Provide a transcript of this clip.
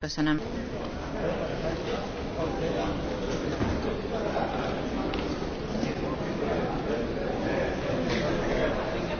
köszönöm.